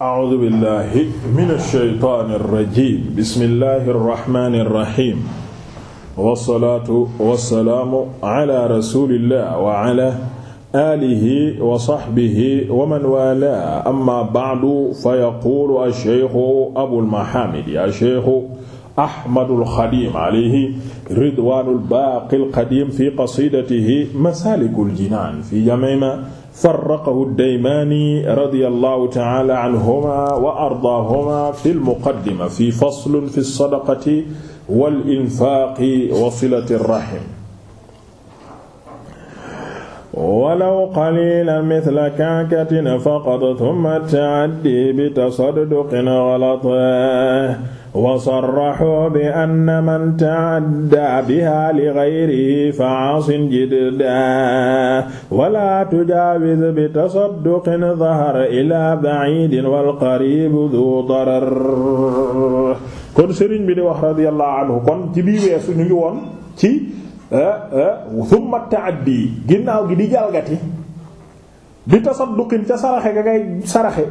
a'uuzu billaahi mina shaytaani rajiim bismillaahi rahmaani rahiim wasalaatu wasalaamu ala rasuulillah wa ala aalihi wa saxbihi wa man waalaahu amma ba'du fa yaquulu ash-shaykhu abul mahaamid ash-shaykhu Ahmadul Xadiim alayhi ridwaanul baaqil qadiim fi qasiidatihi masaalikul jinaan fi jamiima farraqahu daymaani radiyallahu ta'ala anhuma wa ardaahuma fil muqaddima fi faslun fi sadaqati wal infaaqi wa silati rahim. walaw qaliilan mithla kaakatin faqad thumma ta'addi bi tasadduqin ghalat wa sarraxu bi anna man ta'adda biha li ghayrihi fa'aasin jidda wala tujaawiz bi tasadduqin dhahara ila ba'idin wal qariib dhu darar kon sëriñ bi di wax radiyallahu anhu kon ci bii weesu ñu ngi woon ci eh, eh, thumma ta'addi ginnaaw gi di jalgati bi tasadduqin ca saraxe ga ngay saraxe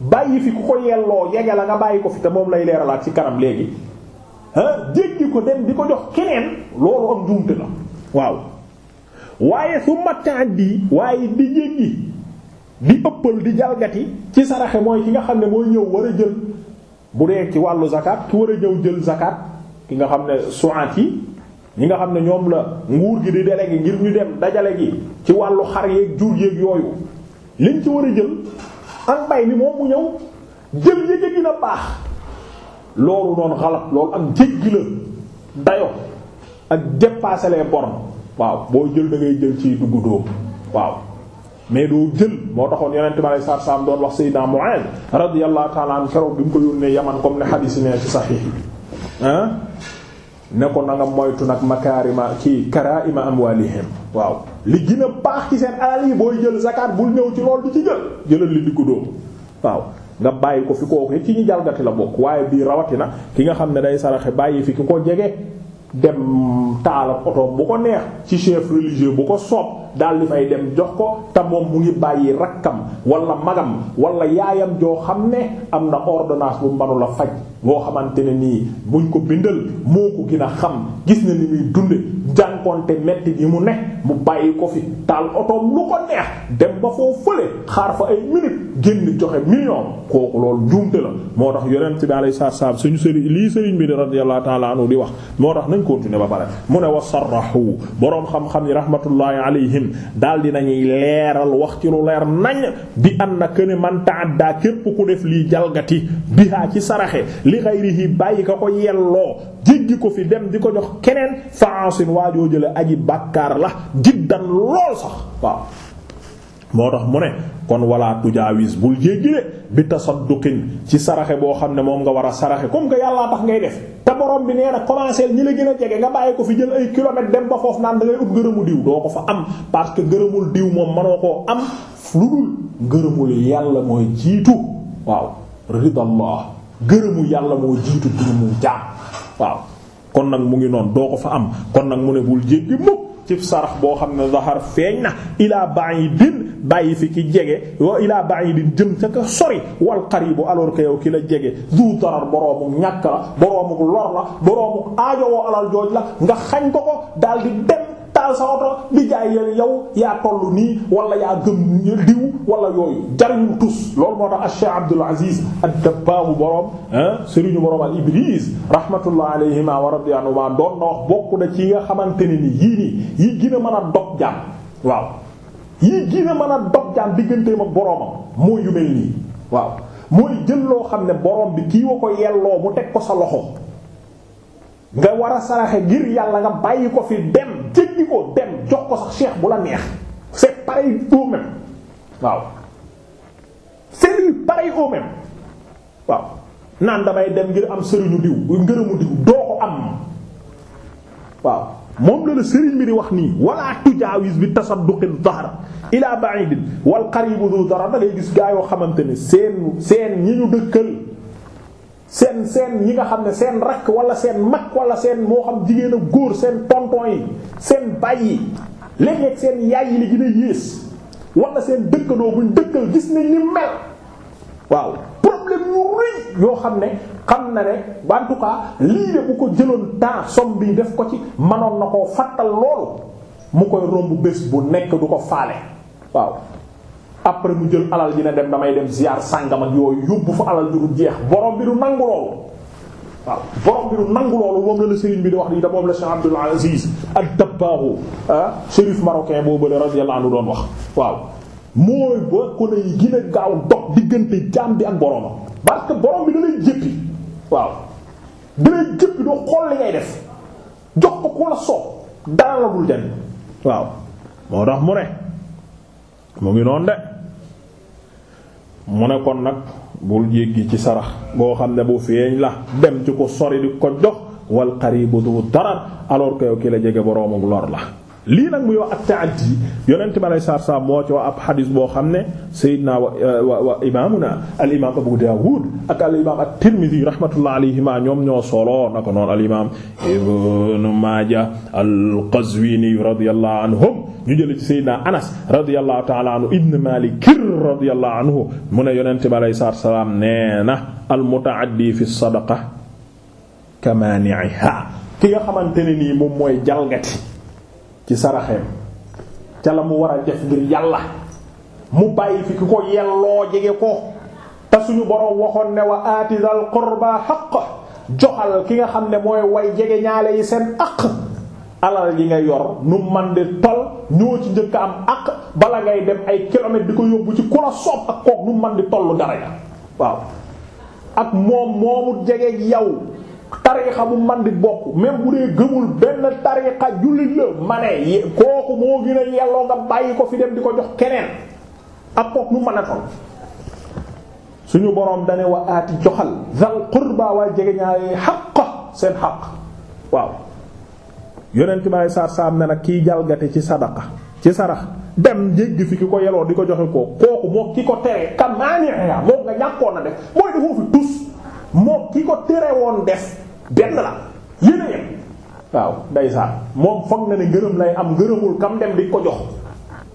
bàyyi fi ku ko yelloo yege la nga bàyyi ko fi te moom lay leeralaat ci kanam léegi ah jéggi ko dem di ko jox keneen loolu am njuumte la waaw waaye su mattaan bi waaye di jéggi di ëppal di jalgati ci saraxe mooy ki nga xam ne mooy ñëw war a jël bu dee ci wàllu zakat ki war a ñëw jël zakat ki nga xam ne suat yi ñi nga xam ne ñoom la nguur gi di délégué ngir ñu dem dajale gi ci wàllu xar yeeg jur yeeg yooyu liñ ci war a jël ak mbay mi moom mu ñëw jël yëg gën a baax loolu noonu xalat loolu ak jéggi la dayo ak dépasser les waaw boo jël da ngay jël ci duggu dóom waaw mais doo jël moo taxoon yonente bi alei satu salaam doon wax sayyidina Mu'adh radiyallahu ta'ala anhu keroog bi mu ko yónnee yaman comme ne hadith ne ci sahih ne ko na nga moytu nag makaarima ci karaa'ima amwaalihim waaw li gën a baax ci seen alal yi booy jël zakat bul ñëw ci lool di ci jël jëlal li diggu dóom waaw nga bàyyi ko fi kooku ci ñu jalgati la bokk waaye bii rawatina ki nga xam ne day saraxe bàyyi fi ki ko jege dem taalab oto bu ko neex ci chef religieux bu ko soob daal di fay dem jox ko te moom mu ngi bàyyi rakkam wala magam wala yaayam joo xam ne am na ordonnance bu manu la faj boo xamante ne nii buñ ko bindal moo ko gën a xam gis na ni muy dunde jànkonte metti yi mu ne mu bàyyi ko fi taal otoom lu ko neex dem ba foo fële xaar fa ay minute génn joxe million kooku loolu njuumte la moo tax yonent bi alayhi salaatu salaam suñu sëriñ lii sëriñ bi radiyallahu ta'ala anhu di wax moo tax nañ continuer ba pare mu ne wax sarrahu boroom xam-xam yi rahmatullahi alayhim daal di nañuy leeral wax ci lu leer nañ bi an na ne man ta'adda képp ku lii jalgati biha ci saraxe li ghayrihi bàyyi ko ko yelloo jéggi ko fi dem di ko jox keneen faasin waajoo jële aji bàkkaar la jiddan lool sax waaw moo tax mu ne kon wala tujaawis bul jéggi de bi tasadduqin ci saraxe boo xam ne moom nga war a saraxe comme que yàllaa tax ngay def te borom bi nee na commencé ñi la gën a jege nga bàyyi ko fi jël ay kilomètres dem ba foofu naan da ut gërëmu diw doo ko fa am parce que gërëmul diw moom manoo koo am lu dul gërëmul yàlla mooy jiitu waaw ridallah gërëmu yàlla moo jiitu gërëmu jaam waaw kon nag mu ngi noon doo ko fa am kon nag mu ne bul jéggi mukk ci sarax boo xam ne zahar feeñ na ilaa ba'idin bàyyi fi ki jege wa ilaa ba'idin jëm ca ka sori wal qaribu alors que ki la jege du darar boroomu ñàkk la boroomu lor la boroomu aajowoo alal jooj la nga xañ ko ko daldi dem taal sa oto di jaay yow yow yaa toll nii wala yaa gëm diw wala yooyu jariñul tus loolu moo tax Cheikh Abdul Aziz ad-Dabbaahu borom ah Serigne borom al Ibriz rahmatullah alayhima wa radiya anhuma doon bokk na ci nga xamante ne ni yii nii yii mën a dog jaam waaw yii gën a mën a dog jaam digganteem ak boromam moo yu mel nii waaw mooy jël loo xam ne borom bi kii wa ko yelloo mu teg ko sa loxo nga war a saraxe ngir yàlla nga bàyyi ko fi dem. ko dem jox ko sax cheikh bu la neex c'est pareil au même waaw c'est lui pareil au même waaw naan damay dem ngir am sëriñu diw ngërëmu diw doo ko am waaw moom la la sëriñ bi di wax nii wala tujaawis bi tasadduqil dahra ila ba'id wal qaribu du dara da lay gis gaa yoo xamante ne seen seen ñi ñu dëkkal seen seen ñi nga xam ne seen rakk wala seen mag wala seen moo xam jigéen a góor seen tonton yi seen bàyyi yi seen yaay yi li gën a yées wala seen dëkkandoo buñ dëkkal gis nañ ni mel waaw problème ñu rëy yoo xam ne xam na ne en tout cas lii de bu ko jëloon temps somme bi def ko ci mënoon na koo fàttal loolu mu koy romb bés bu nekk du ko faale waaw après mu jël alal ji ne dem damay dem ziar sàngam ak yooyu yóbbu fa alal ji du jeex borom bi du nangu loolu waaw borom bi du nangu loolu moom la la sëriñ bi di wax nii ah, wax dox diggante jaam bi ak boromam parce que borom bi da jëppi waaw da jëppi doo xool li ngay def jox ko ku la soob dara la waaw moo tax mu ne mu ngi noonu de. mu ne kon nag bul jéggi ci sarax boo xam ne bu feeñ la dem ci ko sori di ko jox wal qaribu du darar alors que yow ki la jege boroomu lor la lii nag muy wax ak ta'addi yonent bi alayhi salaatu salaam moo ci wax ab xadis boo xam ne Seydina wa wa imaamuna al imaam Abu Daawud ak al imaam at-Tirmidhi rahmatullah alayhima ñoom ñoo solo na ko noonu al imaam Ibn Maaja al-Qazwini radiyallahu anhum ñu jëlee ci Seydina Anas radiyallahu ta'ala anhu Ibn Maalik radiyallahu anhu mu ne yonent bi alayhi salaatu salaam nee na al-muta'addi fi sadaqa kamaani'iha ki nga xamante ne nii moom mooy jalgati. ci saraxeem ca la mu war a def ngir yàlla mu bàyyi fi ki ko yelloo jege ko te suñu boroom waxoon ne wa aati dal qurba xaq joxal ki nga xam ne mooy way jege ñaale yi seen aq alal yi nga yor nu man di tol ñoo ci njëkk am aq bala ngay dem ay kilomètres di ko yóbbu ci ku la soob ak kook nu man di tollu dara ya waaw ak moom moomu jege yow tariixa bu man di bokk même bu dee gëmul benn tariixa jullit la ma kooku moo gën a yelloo nga bàyyi ko fi dem di ko jox keneen ak kook nu mën a suñu boroom dane wa aati joxal zal qurba waaye jege ñaaree xaq seen xaq waaw yonent bi alei saatu salaam ne nag kiy jalgate ci sadaqa ci sarax dem jégg fi ki ko yeloo di ko joxe kooku moo ki ko tere ka maani'a moo nga ñàkkoon na def mooy defoo fi tus moo ki ko tere woon def benn la yéen a yem waaw ndeysaan moom foog na ne ngërëm lay am ngërëmul kam dem di ko jox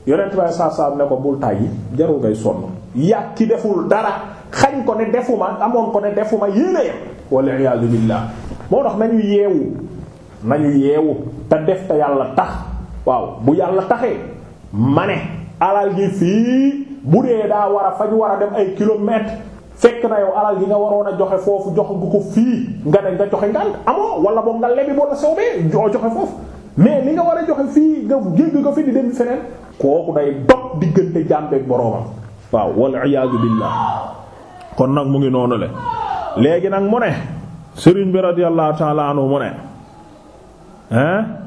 yonent baay saab saab ne ko bul tàyyi jarul ngay sonn yàq ci deful dara xañ ko ne defuma amoon ko ne defuma yéen a yem walla iyaazu billaah moo tax nañu yeewu nañu yeewu te def te yàlla tax waaw bu yàlla taxee ma ne alal gi fii bu dee daa war a fañ war dem ay kilomètres fekk na yow alal yi nga waroon a joxe foofu jox nga ko fii nga ne nga joxe ngànt amoo wala boog nga lebi boo la soobee joxe foofu mais li nga war a joxe fii nga jégg ko fi di dem feneen kooku day dog diggante jàmbeeg boroomam waaw wal iyaadu billah kon nag mu ngi noonu le léegi nag mu ne sëriñ bi radiyallahu ta'ala anhu mu ne hein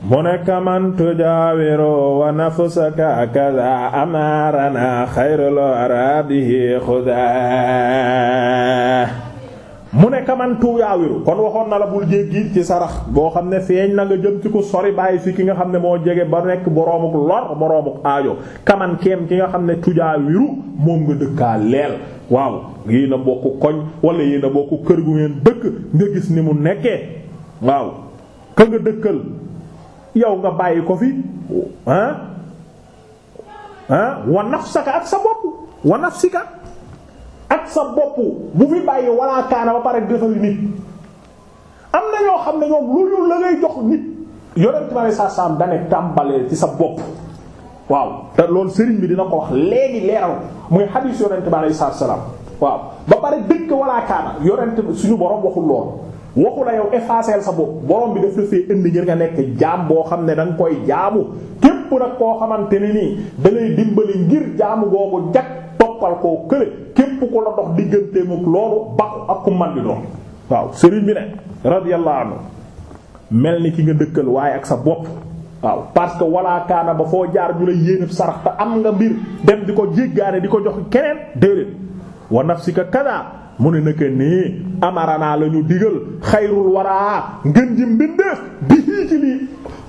mu ne kaman tujaawiru wa nafsaka kaza amarana xayrul arabihi xuda mu ne kaman tujaawiru kon waxoon na la bul jéggi ci sarax boo xam ne feeñ na nga jëm ci ku sori bàyyi fi ki nga xam ne moo jege ba nekk boroomuk lor boroomuk aajo kaman ki nga xam ne tujaawiru moom nga dëkkaa leel waaw yéen a koñ wala yéen a kër gu ngeen dëkk nga gis ni mu nekkee waaw ka nga dëkkal yow nga bàyyi ko fi ah ah wa nafsaka ak sa bopp wa nafsika ak sa bopp bu fi bàyyi walla kaana ba pare defal am na xam ne ñoom lu ñu la ngay jox nit yonent sa bopp waaw te loolu sëriñ bi dina ko léegi leeral muy xadiis yonent waaw ba pare dëkk walla kaana yonent suñu borom waxul lool waxu la yow effacer sa bopp borom bi daf la fee indi ngir nga nekk jaam boo xam ne da koy jaamu képp nag koo xamante ne nii da dimbali ngir jaamu googu jag toppal koo kële képp ku la dox digganteem ak loolu baqu ak ku man waaw sëriñ bi ne radiyallahu anhu mel ni ki nga dëkkal waaye ak sa bopp waaw parce que walaakaana ba foo jaar ñu la yéenab sarax te am nga mbir dem di ko jéggaane di ko jox keneen déedéet wa nafsika kada mu ne naka nii amaranaa la ñu digal xayrul waraa ngën ji mbindeef bi hii lii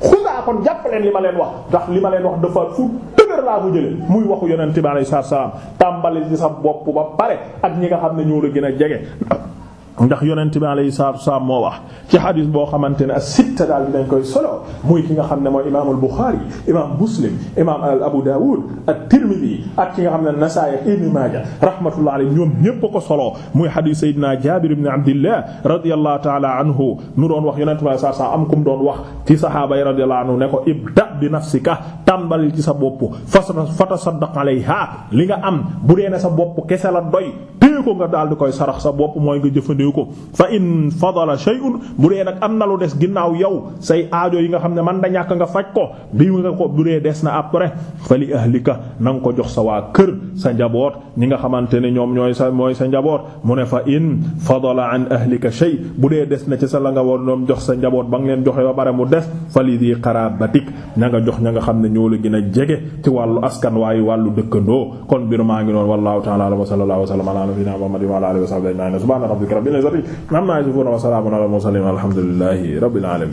xusaa kon jàpp leen li ma leen wax ndax li ma leen wax dafa fu dëgër laa ko jëlee muy waxu yonent bi alayhi salaam tàmbali ci sa bopp ba pare ak ñi nga xam ne ñoo la gën a jege ndax yonent bi alayhi salaatu wasalaam moo wax ci xadis boo xamante ne as-sitta daal dinañ koy solo muy ki nga xam ne mooy imaamul Buxaari imaam Muslim imaam Abu Daawud at-Tirmidi ak ki nga xam ne Nasaa'i ak Ibn Maaja rahmatullahi alayhi ñoom ñépp ko solo muy xadis Seydina Jaabir ibn Abdillah radiyallahu ta'ala anhu nu doon wax yonent bi alayhi salaatu wasalaam am kum doon wax ci saxaaba yi radiyallahu anhu ne ko ibda bi nafsika tàmbali ci sa bopp fatasaddaq alayha li nga am bu dee la doy téye ko nga daal di koy sarax sa bopp mooy nga jëfandikoo ko fa in fadala shay'un bu dee nag am na lu des ginnaaw yow say aajo yi nga xam ne man da ñàkk nga faj ko bii nga ko bu dee des na après fa li na nga ko jox sa waa kër sa njaboot ñi nga xamante ne ñoom ñooy sa mooy sa njaboot mu ne fa in fadala an ahlika shay bu dee des na ci sa la nga war jox sa njaboot ba nga leen joxe ba bare mu des fa li di qarabatik ña nga jox ña nga xam ne ñoo la gën a jege ci wàllu askan waaye wàllu dëkkandoo kon biir maa ngi noonu wallahu ta'ala wa sallallahu wa sallam sayyidina Muhammad wa ala alihi wa sahbihi ajma'in subhana rabbika rabbil izzati amma yasifun wa salamun ala mursalin alhamdulillahi rabbil alamin